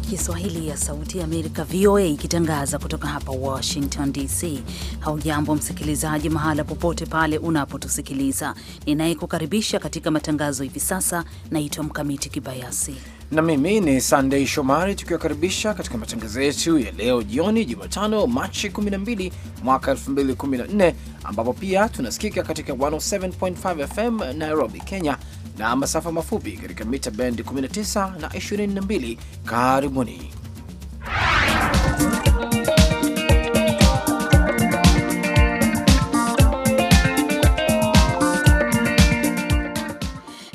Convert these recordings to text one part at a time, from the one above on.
ya Kiswahili ya Sauti ya Amerika, VOA, ikitangaza kutoka hapa Washington DC. Haujambo msikilizaji, mahala popote pale unapotusikiliza. Ninayekukaribisha katika matangazo hivi sasa naitwa Mkamiti Kibayasi na mimi ni Sandei Shomari, tukiwakaribisha katika matangazo yetu ya leo jioni, Jumatano Machi 12 mwaka 2014, ambapo pia tunasikika katika 107.5 FM Nairobi, Kenya na masafa mafupi katika mita bendi 19 na 22. Karibuni.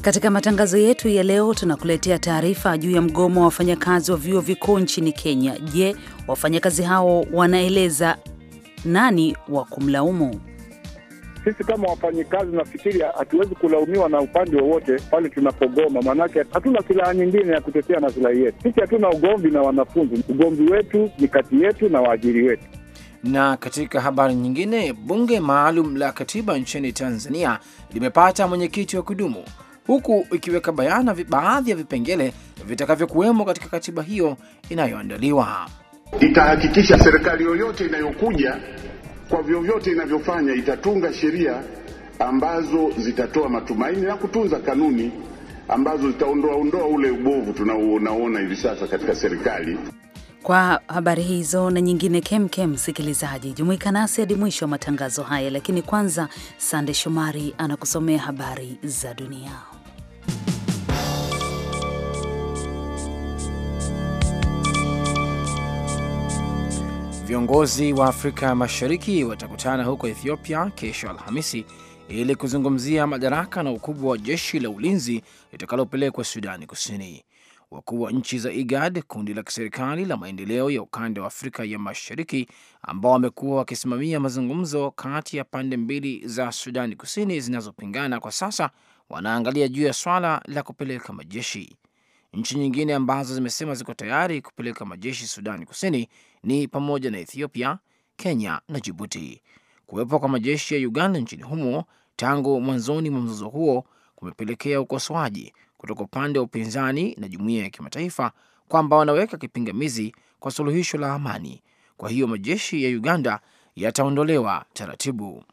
Katika matangazo yetu ya leo tunakuletea taarifa juu ya mgomo wa wafanyakazi wa vyuo vikuu nchini Kenya. Je, wafanyakazi hao wanaeleza nani wa kumlaumu? sisi kama wafanyikazi, nafikiri hatuwezi kulaumiwa na upande wowote pale tunapogoma, maanake hatuna silaha nyingine ya kutetea masilahi yetu. Sisi hatuna ugomvi na wanafunzi, ugomvi wetu ni kati yetu na waajiri wetu. Na katika habari nyingine, bunge maalum la katiba nchini Tanzania limepata mwenyekiti wa kudumu huku ikiweka bayana baadhi ya vipengele vitakavyokuwemo katika katiba hiyo inayoandaliwa. Itahakikisha serikali yoyote inayokuja kwa vyovyote inavyofanya itatunga sheria ambazo zitatoa matumaini na kutunza kanuni ambazo zitaondoa ondoa ule ubovu tunaoona hivi sasa katika serikali. Kwa habari hizo na nyingine kemkem, msikilizaji, jumuika nasi hadi mwisho wa matangazo haya, lakini kwanza, Sande Shomari anakusomea habari za dunia. Viongozi wa Afrika Mashariki watakutana huko Ethiopia kesho Alhamisi ili kuzungumzia madaraka na ukubwa wa jeshi la ulinzi litakalopelekwa Sudani Kusini. Wakuu wa nchi za IGAD, kundi la kiserikali la maendeleo ya ukanda wa Afrika ya Mashariki, ambao wamekuwa wakisimamia mazungumzo kati ya pande mbili za Sudani Kusini zinazopingana kwa sasa, wanaangalia juu ya swala la kupeleka majeshi. Nchi nyingine ambazo zimesema ziko tayari kupeleka majeshi Sudani Kusini ni pamoja na Ethiopia, Kenya na Jibuti. Kuwepo kwa majeshi ya Uganda nchini humo tangu mwanzoni mwa mzozo huo kumepelekea ukosoaji kutoka upande wa upinzani na jumuiya ya kimataifa kwamba wanaweka kipingamizi kwa suluhisho la amani. Kwa hiyo majeshi ya Uganda yataondolewa taratibu.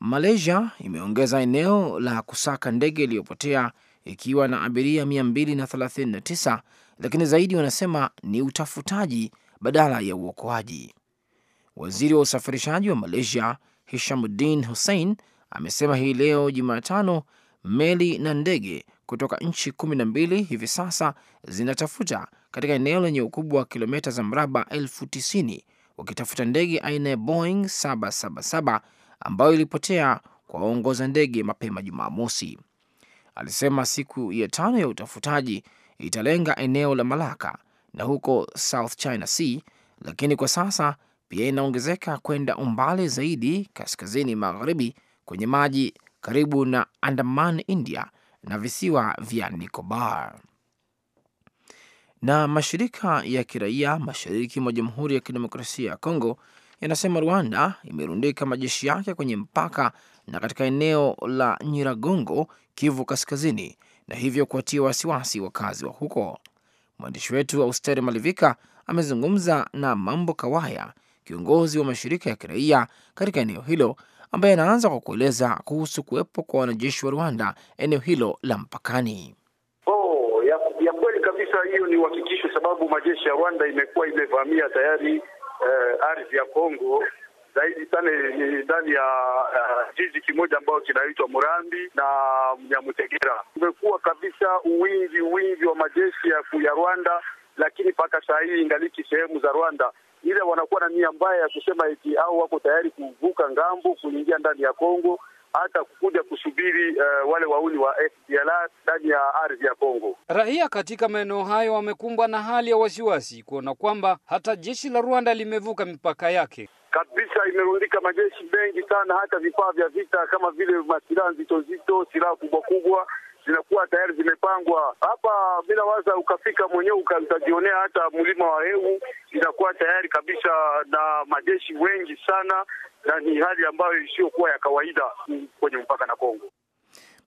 Malaysia imeongeza eneo la kusaka ndege iliyopotea ikiwa na abiria 239 lakini zaidi wanasema ni utafutaji badala ya uokoaji. Waziri wa usafirishaji wa Malaysia Hishamuddin Hussein amesema hii leo Jumatano meli na ndege kutoka nchi kumi na mbili hivi sasa zinatafuta katika eneo lenye ukubwa wa kilomita za mraba elfu tisini wakitafuta ndege aina ya Boeing 777 ambayo ilipotea kwa waongoza ndege mapema Jumamosi alisema siku ya tano ya utafutaji italenga eneo la Malaka na huko South China Sea, lakini kwa sasa pia inaongezeka kwenda umbali zaidi kaskazini magharibi kwenye maji karibu na Andaman, India na visiwa vya Nicobar. Na mashirika ya kiraia mashariki mwa Jamhuri ya Kidemokrasia ya Kongo yanasema Rwanda imerundika majeshi yake kwenye mpaka na katika eneo la Nyiragongo, Kivu Kaskazini, na hivyo kuwatia wasiwasi wakazi wa huko. Mwandishi wetu Austeri Malivika amezungumza na Mambo Kawaya, kiongozi wa mashirika ya kiraia katika eneo hilo, ambaye anaanza kwa kueleza kuhusu kuwepo kwa wanajeshi wa Rwanda eneo hilo la mpakani. Oh, ya, ya kweli kabisa, hiyo ni uhakikisho, sababu majeshi ya Rwanda imekuwa imevamia tayari eh, ardhi ya Kongo zaidi sana ni ndani ya uh, jiji kimoja ambayo kinaitwa Murambi na Nyamutegera. Kumekuwa kabisa uwingi uwingi wa majeshi ya, ya Rwanda, lakini mpaka saa hii ingaliki sehemu za Rwanda ile wanakuwa na nia mbaya ya kusema eti au wako tayari kuvuka ngambo kuingia ndani ya Kongo hata kukuja kusubiri uh, wale wauni wa FDLR ndani ya ardhi ya Kongo. Raia katika maeneo hayo wamekumbwa na hali ya wasiwasi kuona kwamba hata jeshi la Rwanda limevuka mipaka yake kabisa imerundika majeshi mengi sana, hata vifaa vya vita kama vile masilaha nzito nzito, silaha kubwa kubwa zinakuwa tayari zimepangwa hapa. Bila waza ukafika mwenyewe ukatajionea, hata mlima wa Hehu inakuwa tayari kabisa na majeshi wengi sana, na ni hali ambayo isiyokuwa ya kawaida kwenye mpaka na Kongo.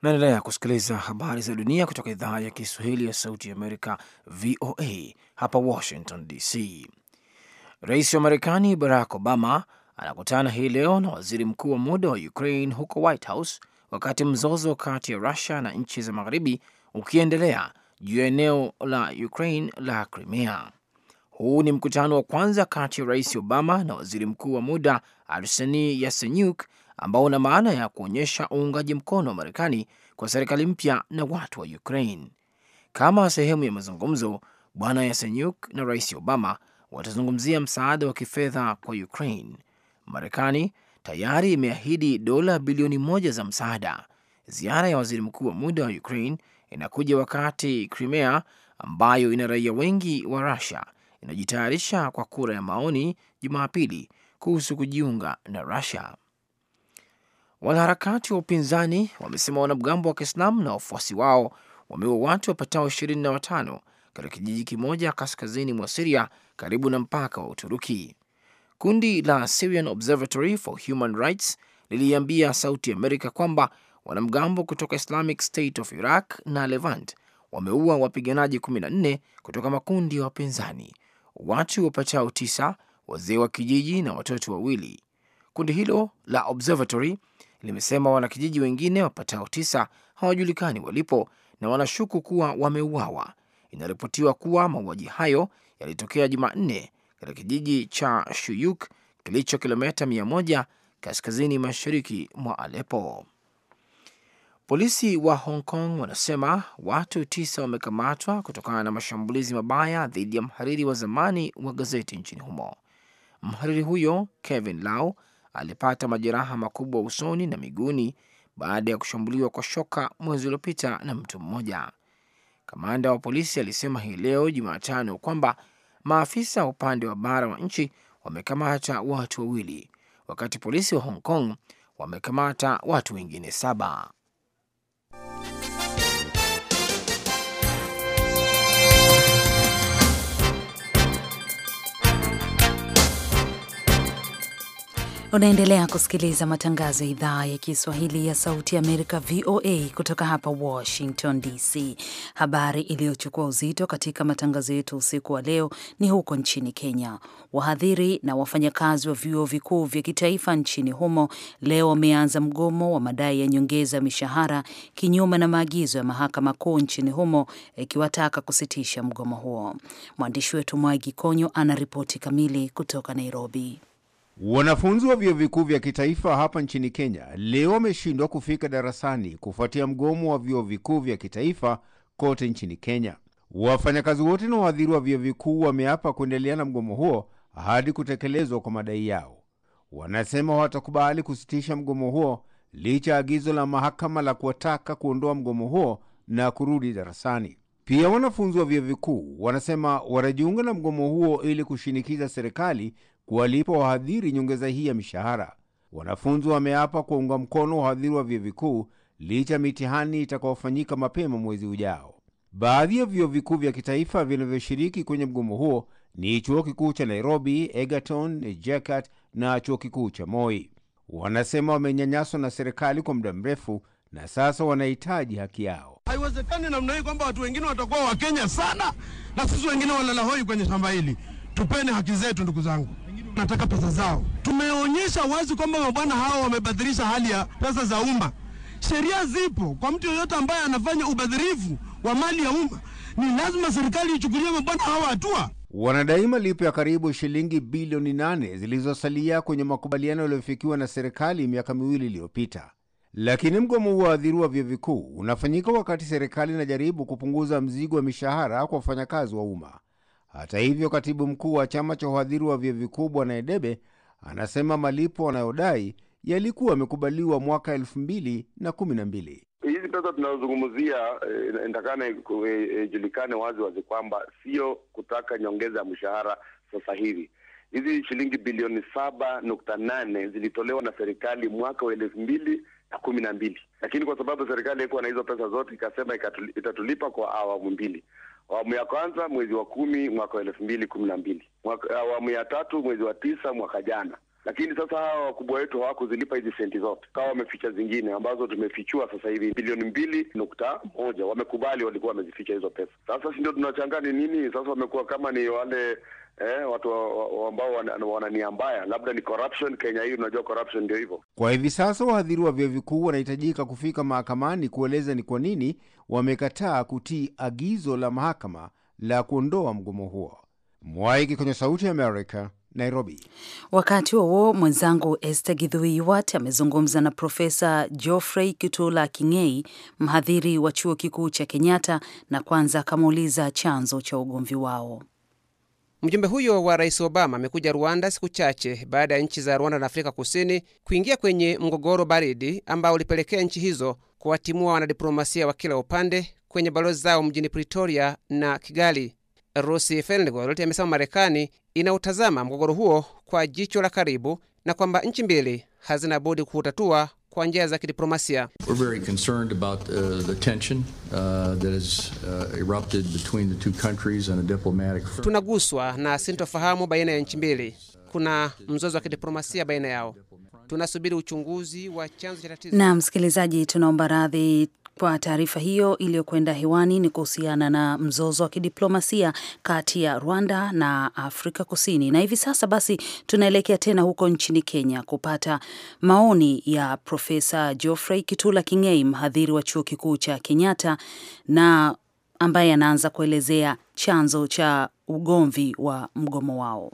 Naendelea kusikiliza habari za dunia kutoka idhaa ya Kiswahili ya Sauti ya Amerika, VOA hapa Washington DC. Rais wa Marekani Barack Obama anakutana hii leo na waziri mkuu wa muda wa Ukraine huko White House, wakati mzozo kati ya Rusia na nchi za magharibi ukiendelea juu ya eneo la Ukraine la Crimea. Huu ni mkutano wa kwanza kati ya Rais Obama na waziri mkuu wa muda Arseni Yasenyuk, ambao una maana ya kuonyesha uungaji mkono wa Marekani kwa serikali mpya na watu wa Ukraine. Kama sehemu ya mazungumzo, Bwana Yasenyuk na Rais Obama watazungumzia msaada wa kifedha kwa Ukraine. Marekani tayari imeahidi dola bilioni moja za msaada. Ziara ya waziri mkuu wa muda wa Ukraine inakuja wakati Crimea ambayo ina raia wengi wa Russia inajitayarisha kwa kura ya maoni Jumapili kuhusu kujiunga na Russia. Wanaharakati wa upinzani wamesema wanamgambo wa Kiislamu na wafuasi wao wameua watu wapatao ishirini na watano katika kijiji kimoja kaskazini mwa Siria karibu na mpaka wa Uturuki. Kundi la Syrian Observatory for Human Rights liliambia Sauti Amerika kwamba wanamgambo kutoka Islamic State of Iraq na Levant wameua wapiganaji 14 kutoka makundi ya wa wapinzani, watu wapatao tisa, wazee wa kijiji na watoto wawili. Kundi hilo la observatory limesema wanakijiji wengine wapatao tisa hawajulikani walipo na wanashuku kuwa wameuawa. Inaripotiwa kuwa mauaji hayo yalitokea Jumanne katika kijiji cha Shuyuk kilicho kilomita mia moja kaskazini mashariki mwa Alepo. Polisi wa Hong Kong wanasema watu tisa wamekamatwa kutokana na mashambulizi mabaya dhidi ya mhariri wa zamani wa gazeti nchini humo. Mhariri huyo Kevin Lau alipata majeraha makubwa usoni na miguuni baada ya kushambuliwa kwa shoka mwezi uliopita na mtu mmoja. Kamanda wa polisi alisema hii leo Jumatano kwamba Maafisa upande wa bara wa nchi wamekamata watu wawili, wakati polisi wa Hong Kong wamekamata watu wengine saba. Unaendelea kusikiliza matangazo ya idhaa ya Kiswahili ya Sauti Amerika, VOA, kutoka hapa Washington DC. Habari iliyochukua uzito katika matangazo yetu usiku wa leo ni huko nchini Kenya. Wahadhiri na wafanyakazi wa vyuo vikuu vya kitaifa nchini humo leo wameanza mgomo wa madai ya nyongeza ya mishahara, kinyume na maagizo ya mahakama kuu nchini humo ikiwataka kusitisha mgomo huo. Mwandishi wetu Mwagi Konyo ana ripoti kamili kutoka Nairobi. Wanafunzi wa vyuo vikuu vya kitaifa hapa nchini Kenya leo wameshindwa kufika darasani kufuatia mgomo wa vyuo vikuu vya kitaifa kote nchini Kenya. Wafanyakazi wote na wahadhiri wa vyuo vikuu wameapa kuendelea na mgomo huo hadi kutekelezwa kwa madai yao. Wanasema watakubali kusitisha mgomo huo licha ya agizo la mahakama la kuwataka kuondoa mgomo huo na kurudi darasani. Pia wanafunzi wa vyuo vikuu wanasema watajiunga na mgomo huo ili kushinikiza serikali kuwalipa wahadhiri nyongeza hii ya mishahara. Wanafunzi wameapa kuunga mkono wahadhiri wa vyuo vikuu licha mitihani itakaofanyika mapema mwezi ujao. Baadhi ya vyuo vikuu vya kitaifa vinavyoshiriki kwenye mgomo huo ni chuo kikuu cha Nairobi, Egerton, JKUAT na chuo kikuu cha Moi. Wanasema wamenyanyaswa na serikali kwa muda mrefu na sasa wanahitaji haki yao. Haiwezekani namna hii kwamba watu wengine watakuwa Wakenya sana na sisi wengine walalahoi kwenye shamba hili. Tupeni haki zetu, ndugu zangu nataka pesa zao. Tumeonyesha wazi kwamba mabwana hao wamebadilisha hali ya pesa za umma. Sheria zipo kwa mtu yoyote ambaye anafanya ubadhirifu wa mali ya umma, ni lazima serikali ichukulie mabwana hao hatua. Wanadai malipo ya karibu shilingi bilioni nane zilizosalia kwenye makubaliano yaliyofikiwa na serikali miaka miwili iliyopita. Lakini mgomo huo wa vyuo vikuu unafanyika wakati serikali inajaribu kupunguza mzigo wa mishahara kwa wafanyakazi wa umma. Hata hivyo, katibu mkuu wa chama cha uhadhiri wa vyo vikuu Bwana Edebe anasema malipo anayodai yalikuwa yamekubaliwa mwaka elfu mbili na kumi na mbili. Hizi pesa tunazozungumzia inatakana eh, ijulikane eh, eh, wazi wazi kwamba sio kutaka nyongeza ya mshahara sasa hivi. Hizi shilingi bilioni saba nukta nane zilitolewa na serikali mwaka wa elfu mbili na kumi na mbili, lakini kwa sababu serikali haikuwa na hizo pesa zote, ikasema itatulipa kwa awamu mbili awamu ya kwanza mwezi wa kumi mwaka wa elfu mbili kumi na mbili awamu ya tatu mwezi wa tisa mwaka jana. Lakini sasa hawa wakubwa wetu hawakuzilipa hizi senti zote, kawa wameficha zingine ambazo tumefichua sasa hivi bilioni mbili nukta moja. Wamekubali walikuwa wamezificha hizo pesa. Sasa si ndio ni nini? Sasa wamekuwa kama ni wale eh, watu ambao wanania mbaya, labda ni corruption. Kenya hii unajua corruption ndio hivyo. Kwa hivi sasa wahadhiri wa vyuo vikuu wanahitajika kufika mahakamani kueleza ni kwa nini wamekataa kutii agizo la mahakama la kuondoa mgomo huo. Mwaiki kwenye Sauti ya Amerika, Nairobi. Wakati huo mwenzangu Esther Githui amezungumza na Profesa Geoffrey Kitula King'ei, mhadhiri wa chuo kikuu cha Kenyatta, na kwanza akamuuliza chanzo cha ugomvi wao. Mjumbe huyo wa Rais Obama amekuja Rwanda siku chache baada ya nchi za Rwanda na Afrika Kusini kuingia kwenye mgogoro baridi ambao ulipelekea nchi hizo kuwatimua wanadiplomasia wa kila upande kwenye balozi zao mjini Pretoria na Kigali. Rusi Feingold amesema Marekani inautazama mgogoro huo kwa jicho la karibu na kwamba nchi mbili hazina budi kuutatua kwa njia za kidiplomasia. Uh, uh, uh, Tunaguswa na sintofahamu baina ya nchi mbili. Kuna mzozo wa kidiplomasia baina yao. Tunasubiri uchunguzi wa chanzo cha tatizo. Na msikilizaji, tunaomba radhi kwa taarifa hiyo iliyokwenda hewani ni kuhusiana na mzozo wa kidiplomasia kati ya Rwanda na Afrika Kusini. Na hivi sasa basi tunaelekea tena huko nchini Kenya kupata maoni ya Profesa Geoffrey Kitula King'ei, mhadhiri wa chuo kikuu cha Kenyatta na ambaye anaanza kuelezea chanzo cha ugomvi wa mgomo wao.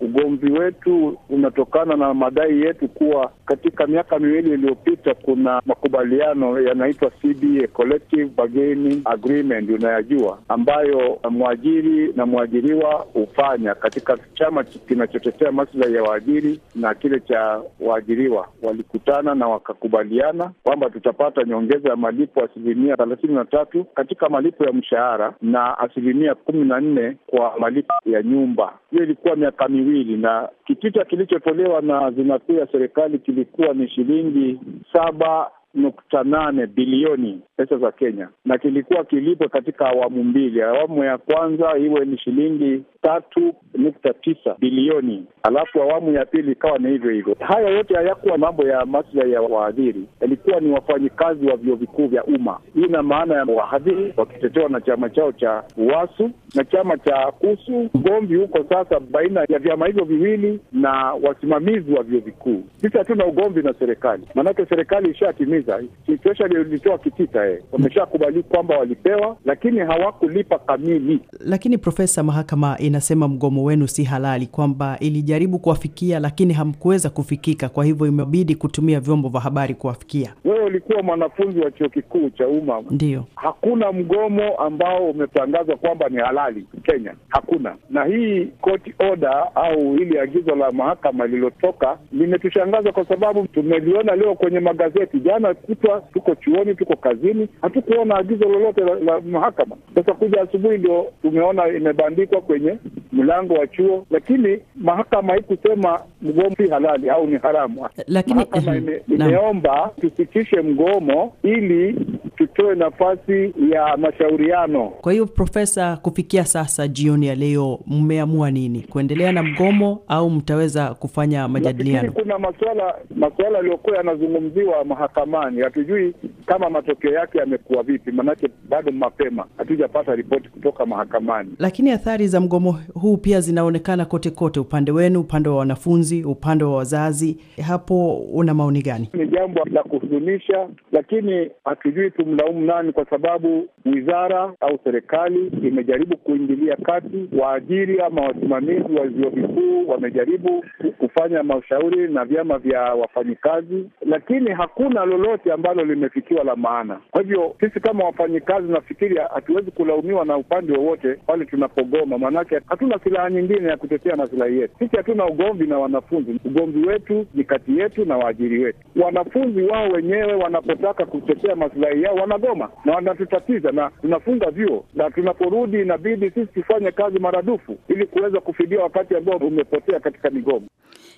Ugomvi wetu unatokana na madai yetu kuwa katika miaka miwili iliyopita kuna makubaliano yanaitwa CBA, Collective Bargaining Agreement, unayajua, ambayo mwajiri na mwajiriwa hufanya katika chama kinachotetea maslahi ya waajiri na kile cha waajiriwa. Walikutana na wakakubaliana kwamba tutapata nyongeza ya malipo asilimia thelathini na tatu katika malipo ya mshahara na asilimia kumi na nne kwa malipo ya nyumba. Hiyo ilikuwa miaka miwili miwili, na kitita kilichotolewa na Zima Kuu ya serikali kilikuwa ni shilingi saba nukta nane bilioni pesa za Kenya, na kilikuwa kilipwe katika awamu mbili. Awamu ya kwanza iwe ni shilingi tatu nukta tisa bilioni, alafu awamu ya pili ikawa ni hivyo hivyo. Haya yote hayakuwa mambo ya maslahi ya wahadhiri, yalikuwa ni wafanyikazi wa vyuo vikuu vya umma. Hii ina maana ya wahadhiri wakitetewa na chama chao cha UWASU na chama cha KUSU. Ugomvi huko sasa baina ya vyama hivyo viwili na wasimamizi wa vyuo vikuu. Sisi hatuna ugomvi na serikali, maanake serikali ishatimiza kuuliza situation alilitoa kitita eh, wameshakubali kwamba walipewa, lakini hawakulipa kamili. Lakini Profesa, mahakama inasema mgomo wenu si halali, kwamba ilijaribu kuwafikia lakini hamkuweza kufikika, kwa hivyo imebidi kutumia vyombo vya habari kuwafikia. Wewe ulikuwa mwanafunzi wa chuo kikuu cha umma, ndio Hakuna mgomo ambao umetangazwa kwamba ni halali Kenya, hakuna. Na hii court order au hili agizo la mahakama lililotoka limetushangaza kwa sababu tumeliona leo kwenye magazeti, jana kutwa tuko chuoni, tuko kazini, hatukuona agizo lolote la, la mahakama. Sasa kuja asubuhi ndio tumeona imebandikwa kwenye mlango wa chuo, lakini mahakama haikusema mgomo si halali au ni haramu, lakini mahakama ime, imeomba tusitishe mgomo ili tutoe nafasi ya mashauriano. Kwa hiyo, Profesa, kufikia sasa jioni ya leo mmeamua nini? Kuendelea na mgomo au mtaweza kufanya majadiliano? Kuna masuala maswala yaliyokuwa yanazungumziwa mahakamani zamani. Hatujui kama matokeo yake yamekuwa vipi, maanake bado mapema, hatujapata ripoti kutoka mahakamani. Lakini athari za mgomo huu pia zinaonekana kote kote, upande wenu, upande wa wanafunzi, upande wa wazazi. Hapo una maoni gani? Ni jambo la kuhuzunisha, lakini hatujui tumlaumu nani, kwa sababu wizara au serikali imejaribu kuingilia kati. Waajiri ama wasimamizi wa vyuo vikuu wamejaribu kufanya mashauri na vyama vya wafanyikazi, lakini hakuna lolote lolote ambalo limefikiwa la maana. Kwa hivyo sisi kama wafanyikazi, nafikiri hatuwezi kulaumiwa na upande wowote pale tunapogoma, maanake hatuna silaha nyingine ya kutetea masilahi yetu. Sisi hatuna ugomvi na wanafunzi, ugomvi wetu ni kati yetu na waajiri wetu. Wanafunzi wao wenyewe wanapotaka kutetea masilahi yao wanagoma na wanatutatiza, na tunafunga vyuo, na tunaporudi inabidi sisi tufanye kazi maradufu ili kuweza kufidia wakati ambao umepotea katika migomo.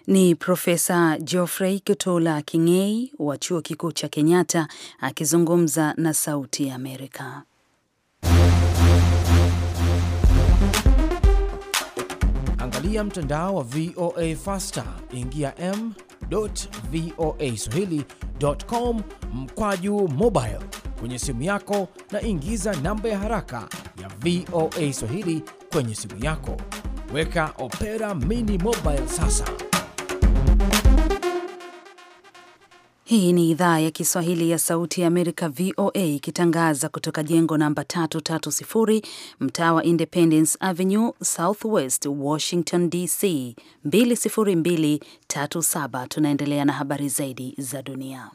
Ni Profesa Geoffrey Kitola King'ei wa chuo kikuu cha Kenyatta akizungumza na Sauti ya Amerika. Angalia mtandao wa VOA fasta ingia m.voaswahili.com mkwaju mobile kwenye simu yako na ingiza namba ya haraka ya VOA Swahili kwenye simu yako. Weka Opera Mini Mobile sasa. Hii ni idhaa ya Kiswahili ya Sauti ya Amerika, VOA, ikitangaza kutoka jengo namba 330 mtaa wa Independence Avenue, Southwest Washington DC 20237. Tunaendelea na habari zaidi za dunia.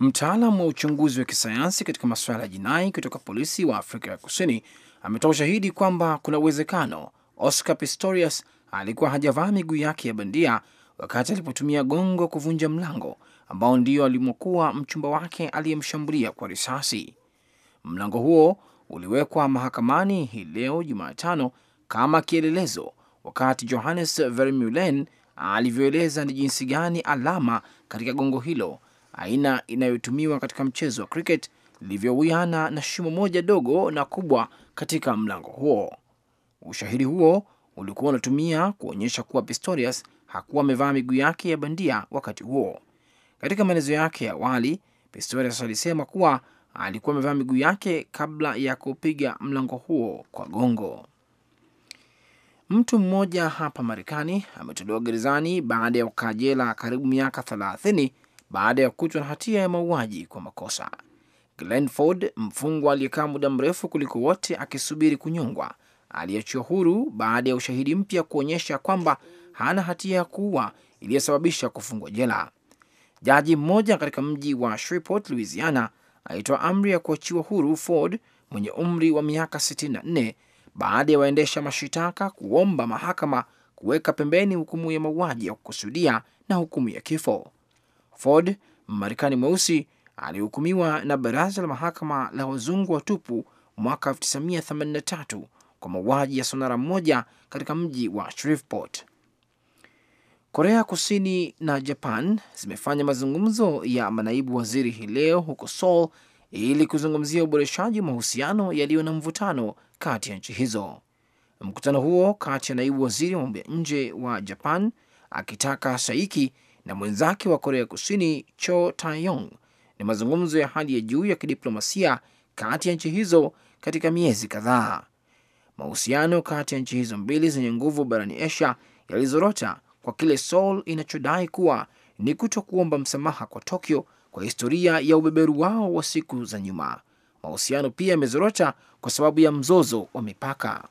Mtaalam wa uchunguzi wa kisayansi katika masuala ya jinai kutoka polisi wa Afrika ya Kusini ametoa ushahidi kwamba kuna uwezekano Oscar Pistorius alikuwa hajavaa miguu yake ya bandia wakati alipotumia gongo kuvunja mlango ambao ndio alimokuwa mchumba wake aliyemshambulia kwa risasi. Mlango huo uliwekwa mahakamani hii leo Jumatano kama kielelezo, wakati Johannes Vermeulen alivyoeleza ni jinsi gani alama katika gongo hilo, aina inayotumiwa katika mchezo wa cricket, lilivyowiana na shimo moja dogo na kubwa katika mlango huo. Ushahidi huo ulikuwa unatumia kuonyesha kuwa Pistorius hakuwa amevaa miguu yake ya bandia wakati huo. Katika maelezo yake ya awali, Pistorius alisema kuwa alikuwa amevaa miguu yake kabla ya kupiga mlango huo kwa gongo. Mtu mmoja hapa Marekani ametolewa gerezani baada ya kukaa jela karibu miaka thelathini baada ya kukutwa na hatia ya mauaji kwa makosa. Glenford, mfungwa aliyekaa muda mrefu kuliko wote akisubiri kunyongwa, aliachiwa huru baada ya ushahidi mpya kuonyesha kwamba hana hatia ya kuua iliyosababisha kufungwa jela. Jaji mmoja katika mji wa Shreveport, Louisiana, alitoa amri ya kuachiwa huru Ford mwenye umri wa miaka 64 baada ya waendesha mashitaka kuomba mahakama kuweka pembeni hukumu ya mauaji ya kukusudia na hukumu ya kifo. Ford, Mmarekani mweusi, alihukumiwa na baraza la mahakama la wazungu watupu mwaka 1983 kwa mauaji ya sonara mmoja katika mji wa Shreveport. Korea Kusini na Japan zimefanya mazungumzo ya manaibu waziri hii leo huko Seoul ili kuzungumzia uboreshaji wa mahusiano yaliyo na mvutano kati ya nchi hizo. Mkutano huo kati ya naibu waziri wa mambo ya nje wa Japan akitaka Saiki na mwenzake wa Korea Kusini Cho Tae-yong ni mazungumzo ya hali ya juu ya kidiplomasia kati ya nchi hizo katika miezi kadhaa. Mahusiano kati ya nchi hizo mbili zenye nguvu barani Asia yalizorota kwa kile Seoul inachodai kuwa ni kuto kuomba msamaha kwa Tokyo kwa historia ya ubeberu wao wa siku za nyuma. Mahusiano pia yamezorota kwa sababu ya mzozo wa mipaka.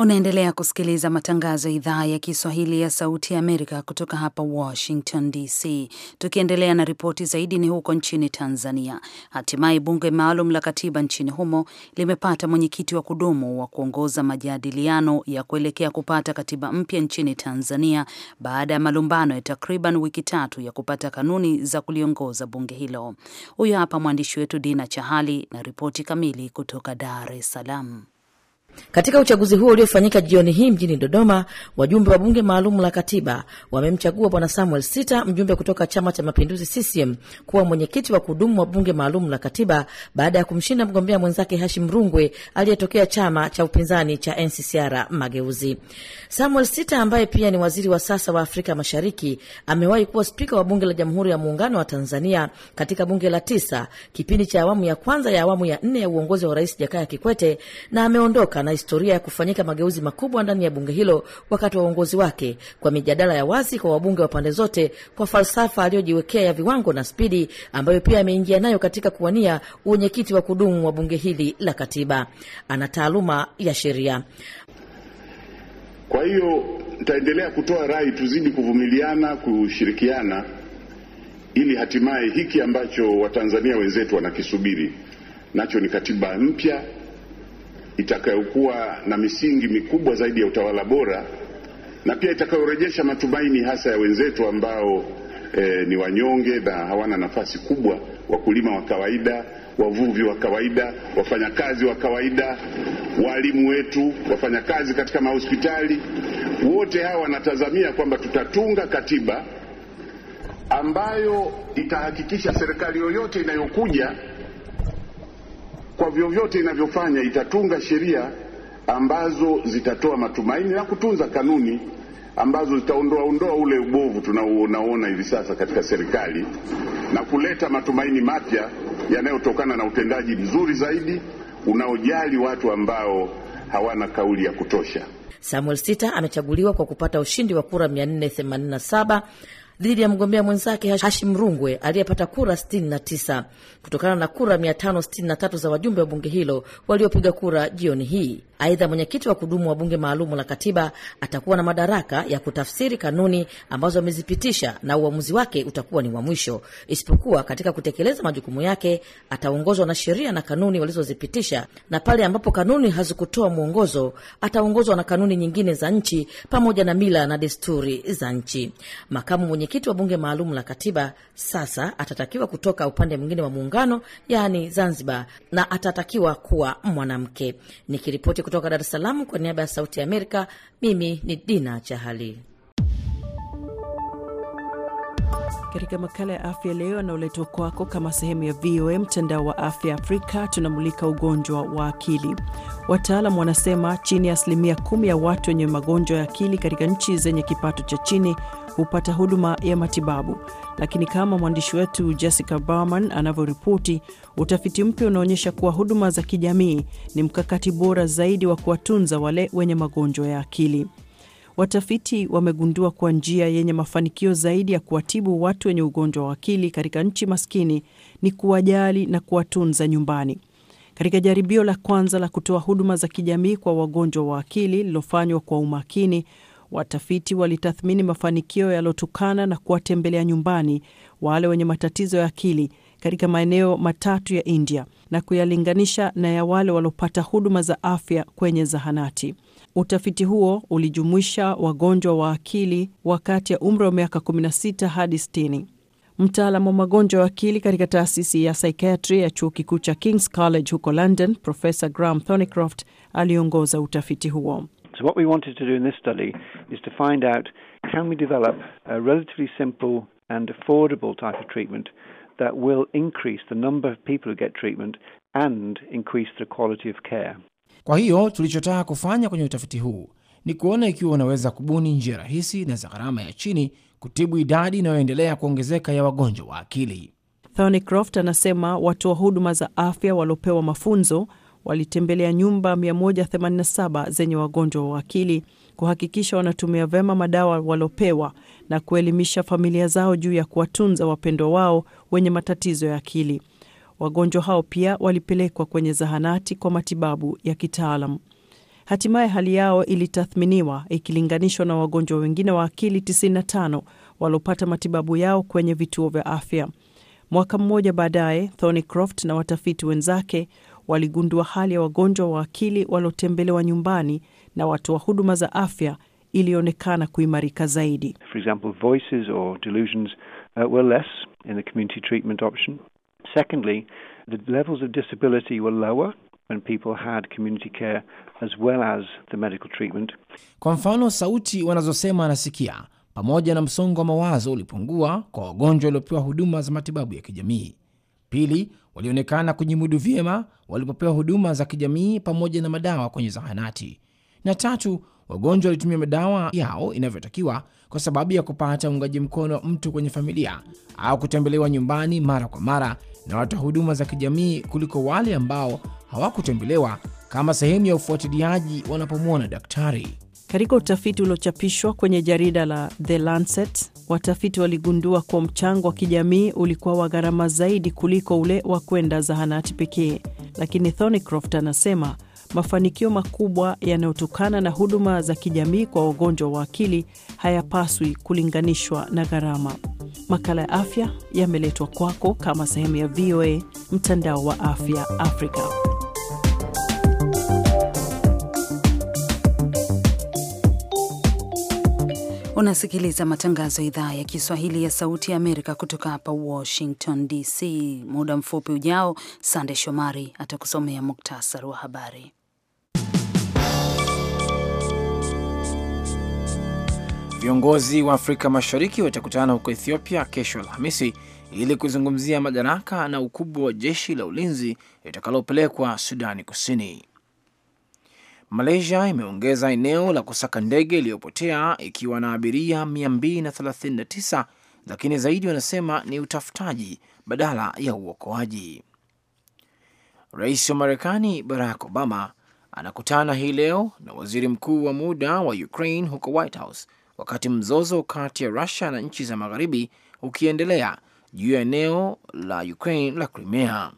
Unaendelea kusikiliza matangazo ya idhaa ya Kiswahili ya Sauti ya Amerika kutoka hapa Washington DC. Tukiendelea na ripoti zaidi, ni huko nchini Tanzania. Hatimaye bunge maalum la katiba nchini humo limepata mwenyekiti wa kudumu wa kuongoza majadiliano ya kuelekea kupata katiba mpya nchini Tanzania baada ya malumbano ya takriban wiki tatu ya kupata kanuni za kuliongoza bunge hilo. Huyo hapa mwandishi wetu Dina Chahali na ripoti kamili kutoka Dar es Salaam. Katika uchaguzi huo uliofanyika jioni hii mjini Dodoma, wajumbe wa bunge maalum la katiba wamemchagua Bwana Samuel Sita, mjumbe kutoka Chama cha Mapinduzi CCM, kuwa mwenyekiti wa kudumu wa bunge maalum la katiba baada ya kumshinda mgombea mwenzake Hashim Rungwe aliyetokea chama cha upinzani cha NCCR Mageuzi. Samuel Sita, ambaye pia ni waziri wa sasa wa Afrika Mashariki, amewahi kuwa spika wa bunge la Jamhuri ya Muungano wa Tanzania katika bunge la tisa, kipindi cha awamu ya kwanza ya awamu ya nne ya uongozi wa Rais Jakaya Kikwete, na ameondoka na historia ya kufanyika mageuzi makubwa ndani ya bunge hilo wakati wa uongozi wake, kwa mijadala ya wazi kwa wabunge wa pande zote, kwa falsafa aliyojiwekea ya viwango na spidi ambayo pia ameingia nayo katika kuwania uwenyekiti wa kudumu wa bunge hili la katiba. Ana taaluma ya sheria, kwa hiyo nitaendelea kutoa rai tuzidi kuvumiliana, kushirikiana ili hatimaye hiki ambacho Watanzania wenzetu wanakisubiri nacho ni katiba mpya itakayokuwa na misingi mikubwa zaidi ya utawala bora na pia itakayorejesha matumaini hasa ya wenzetu ambao e, ni wanyonge na hawana nafasi kubwa, wakulima wa kawaida, wavuvi wa kawaida, wafanyakazi wa kawaida, walimu wetu, wafanyakazi katika mahospitali, wote hawa wanatazamia kwamba tutatunga katiba ambayo itahakikisha serikali yoyote inayokuja kwa vyovyote inavyofanya itatunga sheria ambazo zitatoa matumaini na kutunza kanuni ambazo zitaondoa ondoa ule ubovu tunaoona hivi sasa katika serikali na kuleta matumaini mapya yanayotokana na utendaji mzuri zaidi unaojali watu ambao hawana kauli ya kutosha. Samuel Sita amechaguliwa kwa kupata ushindi wa kura 487 dhidi ya mgombea mwenzake Hashim Rungwe aliyepata kura 69 kutokana na kura 563 za wajumbe wa bunge hilo waliopiga kura jioni hii. Aidha, mwenyekiti wa kudumu wa bunge maalumu la katiba atakuwa na madaraka ya kutafsiri kanuni ambazo amezipitisha na uamuzi wake utakuwa ni wa mwisho, isipokuwa katika kutekeleza majukumu yake ataongozwa na sheria na kanuni walizozipitisha, na pale ambapo kanuni hazikutoa mwongozo ataongozwa na kanuni nyingine za nchi pamoja na mila na desturi za nchi. Makamu mwenye mwenyekiti wa bunge maalum la katiba sasa atatakiwa kutoka upande mwingine wa muungano, yaani Zanzibar, na atatakiwa kuwa mwanamke. Nikiripoti kutoka Dar es Salaam kwa niaba ya Sauti ya Amerika, mimi ni Dina Chahali. Katika makala ya afya leo yanaoletwa kwako kama sehemu ya VOA mtandao wa afya Afrika, tunamulika ugonjwa wa akili. Wataalam wanasema chini ya asilimia kumi ya watu wenye magonjwa ya akili katika nchi zenye kipato cha chini hupata huduma ya matibabu. Lakini kama mwandishi wetu Jessica barman anavyoripoti, utafiti mpya unaonyesha kuwa huduma za kijamii ni mkakati bora zaidi wa kuwatunza wale wenye magonjwa ya akili. Watafiti wamegundua kwa njia yenye mafanikio zaidi ya kuwatibu watu wenye ugonjwa wa akili katika nchi maskini ni kuwajali na kuwatunza nyumbani. Katika jaribio la kwanza la kutoa huduma za kijamii kwa wagonjwa wa akili lilofanywa kwa umakini, watafiti walitathmini mafanikio yaliyotokana na kuwatembelea nyumbani wale wenye matatizo ya akili katika maeneo matatu ya India na kuyalinganisha na ya wale waliopata huduma za afya kwenye zahanati. Utafiti huo ulijumuisha wagonjwa wa akili wa kati ya umri wa miaka 16 hadi 60. Mtaalamu wa magonjwa ya akili katika taasisi ya psychiatry ya chuo kikuu cha King's College huko London, profe Graham thonicroft aliongoza utafiti huo. So, what we wanted to do in this study is to find out can we develop a relatively simple and affordable type of treatment that will increase the number of people who get treatment and increase the quality of care. Kwa hiyo tulichotaka kufanya kwenye utafiti huu ni kuona ikiwa unaweza kubuni njia rahisi na za gharama ya chini kutibu idadi inayoendelea kuongezeka ya wagonjwa wa akili. Croft anasema watoa huduma za afya waliopewa mafunzo walitembelea nyumba 187 zenye wagonjwa wa akili kuhakikisha wanatumia vema madawa walopewa na kuelimisha familia zao juu ya kuwatunza wapendwa wao wenye matatizo ya akili. Wagonjwa hao pia walipelekwa kwenye zahanati kwa matibabu ya kitaalam. Hatimaye hali yao ilitathminiwa ikilinganishwa na wagonjwa wengine wa akili 95 walopata matibabu yao kwenye vituo vya afya. Mwaka mmoja baadaye, thony croft na watafiti wenzake waligundua hali ya wagonjwa wa akili waliotembelewa nyumbani na watoa wa huduma za afya ilionekana kuimarika zaidi. For example, voices or delusions uh, were less in the community treatment option. Secondly, the levels of disability were lower when people had community care as well as the medical treatment. Kwa mfano, sauti wanazosema anasikia pamoja na msongo wa mawazo ulipungua kwa wagonjwa waliopewa huduma za matibabu ya kijamii. Pili, walionekana kujimudu vyema walipopewa huduma za kijamii pamoja na madawa kwenye zahanati. Na tatu, wagonjwa walitumia madawa yao inavyotakiwa kwa sababu ya kupata uungaji mkono wa mtu kwenye familia au kutembelewa nyumbani mara kwa mara na watoa huduma za kijamii kuliko wale ambao hawakutembelewa kama sehemu ya ufuatiliaji wanapomwona daktari. Katika utafiti uliochapishwa kwenye jarida la The Lancet, watafiti waligundua kuwa mchango wa kijamii ulikuwa wa gharama zaidi kuliko ule wa kwenda zahanati pekee, lakini Thornycroft anasema mafanikio makubwa yanayotokana na huduma za kijamii kwa wagonjwa wa akili hayapaswi kulinganishwa na gharama. Makala ya afya yameletwa kwako kama sehemu ya VOA mtandao wa afya Afrika. Unasikiliza matangazo ya idhaa ya Kiswahili ya Sauti ya Amerika kutoka hapa Washington DC. Muda mfupi ujao, Sande Shomari atakusomea muktasari wa habari. Viongozi wa Afrika Mashariki watakutana huko Ethiopia kesho Alhamisi ili kuzungumzia madaraka na ukubwa wa jeshi la ulinzi litakalopelekwa Sudani Kusini. Malaysia imeongeza eneo la kusaka ndege iliyopotea ikiwa na abiria 239 lakini zaidi wanasema ni utafutaji badala ya uokoaji. Rais wa Marekani Barack Obama anakutana hii leo na waziri mkuu wa muda wa Ukraine huko White House wakati mzozo kati ya Russia na nchi za magharibi ukiendelea juu ya eneo la Ukraine la Crimea.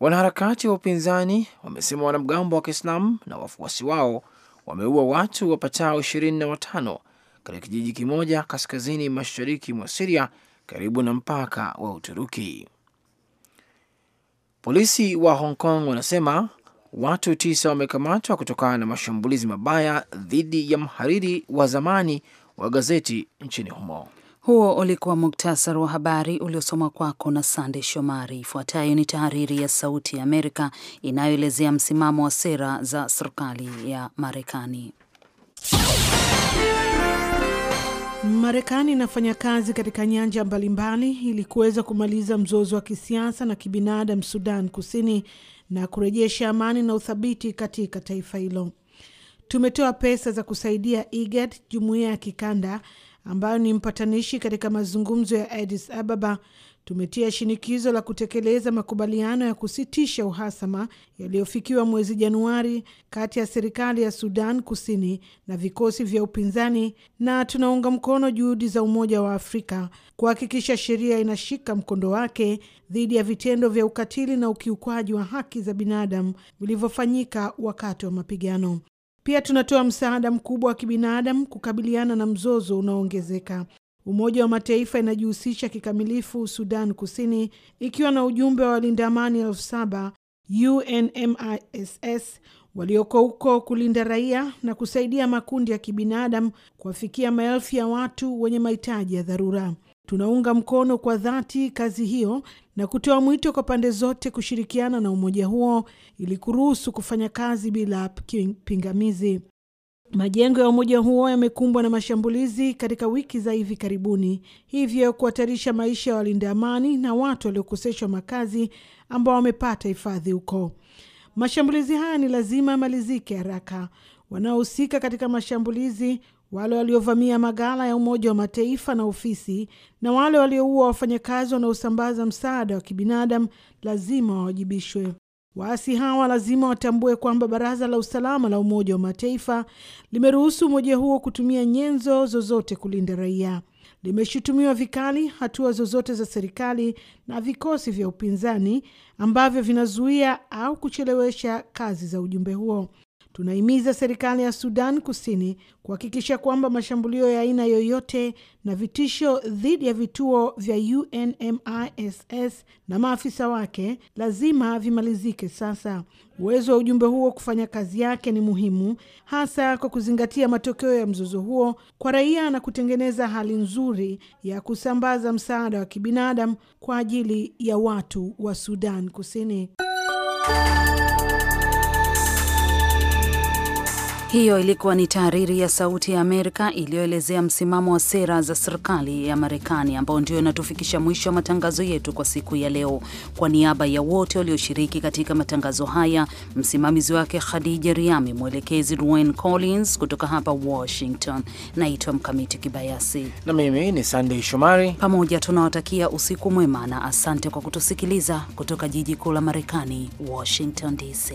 Wanaharakati wa upinzani wamesema wanamgambo wa Kiislamu na wafuasi wao wameua watu wapatao ishirini na watano katika kijiji kimoja kaskazini mashariki mwa Siria karibu na mpaka wa Uturuki. Polisi wa Hong Kong wanasema watu tisa wamekamatwa kutokana na mashambulizi mabaya dhidi ya mhariri wa zamani wa gazeti nchini humo. Huo ulikuwa muktasari wa habari uliosoma kwako na Sande Shomari. Ifuatayo ni tahariri ya Sauti ya Amerika inayoelezea msimamo wa sera za serikali ya Marekani. Marekani inafanya kazi katika nyanja mbalimbali ili kuweza kumaliza mzozo wa kisiasa na kibinadamu Sudan Kusini na kurejesha amani na uthabiti katika taifa hilo. Tumetoa pesa za kusaidia IGAD, jumuiya ya kikanda ambayo ni mpatanishi katika mazungumzo ya Addis Ababa, tumetia shinikizo la kutekeleza makubaliano ya kusitisha uhasama yaliyofikiwa mwezi Januari kati ya serikali ya Sudan Kusini na vikosi vya upinzani, na tunaunga mkono juhudi za Umoja wa Afrika kuhakikisha sheria inashika mkondo wake dhidi ya vitendo vya ukatili na ukiukwaji wa haki za binadamu vilivyofanyika wakati wa mapigano. Pia tunatoa msaada mkubwa wa kibinadamu kukabiliana na mzozo unaoongezeka. Umoja wa Mataifa inajihusisha kikamilifu Sudan Kusini, ikiwa na ujumbe wa walinda amani elfu saba UNMISS walioko huko kulinda raia na kusaidia makundi ya kibinadamu kuwafikia maelfu ya watu wenye mahitaji ya dharura. Tunaunga mkono kwa dhati kazi hiyo na kutoa mwito kwa pande zote kushirikiana na umoja huo ili kuruhusu kufanya kazi bila pingamizi. Majengo ya umoja huo yamekumbwa na mashambulizi katika wiki za hivi karibuni, hivyo kuhatarisha maisha ya walinda amani na watu waliokoseshwa makazi ambao wamepata hifadhi huko. Mashambulizi haya ni lazima yamalizike haraka. Wanaohusika katika mashambulizi wale waliovamia magala ya Umoja wa Mataifa na ofisi na wale walioua wafanyakazi wanaosambaza msaada wa kibinadamu lazima wawajibishwe. Waasi hawa lazima watambue kwamba Baraza la Usalama la Umoja wa Mataifa limeruhusu umoja huo kutumia nyenzo zozote kulinda raia. Limeshutumiwa vikali hatua zozote za serikali na vikosi vya upinzani ambavyo vinazuia au kuchelewesha kazi za ujumbe huo. Tunahimiza serikali ya Sudan Kusini kuhakikisha kwamba mashambulio ya aina yoyote na vitisho dhidi ya vituo vya UNMISS na maafisa wake lazima vimalizike sasa. Uwezo wa ujumbe huo kufanya kazi yake ni muhimu, hasa kwa kuzingatia matokeo ya mzozo huo kwa raia na kutengeneza hali nzuri ya kusambaza msaada wa kibinadamu kwa ajili ya watu wa Sudan Kusini. Hiyo ilikuwa ni tahariri ya Sauti ya Amerika iliyoelezea msimamo wa sera za serikali ya Marekani, ambao ndio inatufikisha mwisho wa matangazo yetu kwa siku ya leo. Kwa niaba ya wote walioshiriki katika matangazo haya, msimamizi wake Khadija Riami, mwelekezi Dwayne Collins, kutoka hapa Washington, naitwa Mkamiti Kibayasi na mimi ni Sandey Shomari. Pamoja tunawatakia usiku mwema na asante kwa kutusikiliza kutoka jiji kuu la Marekani, Washington DC.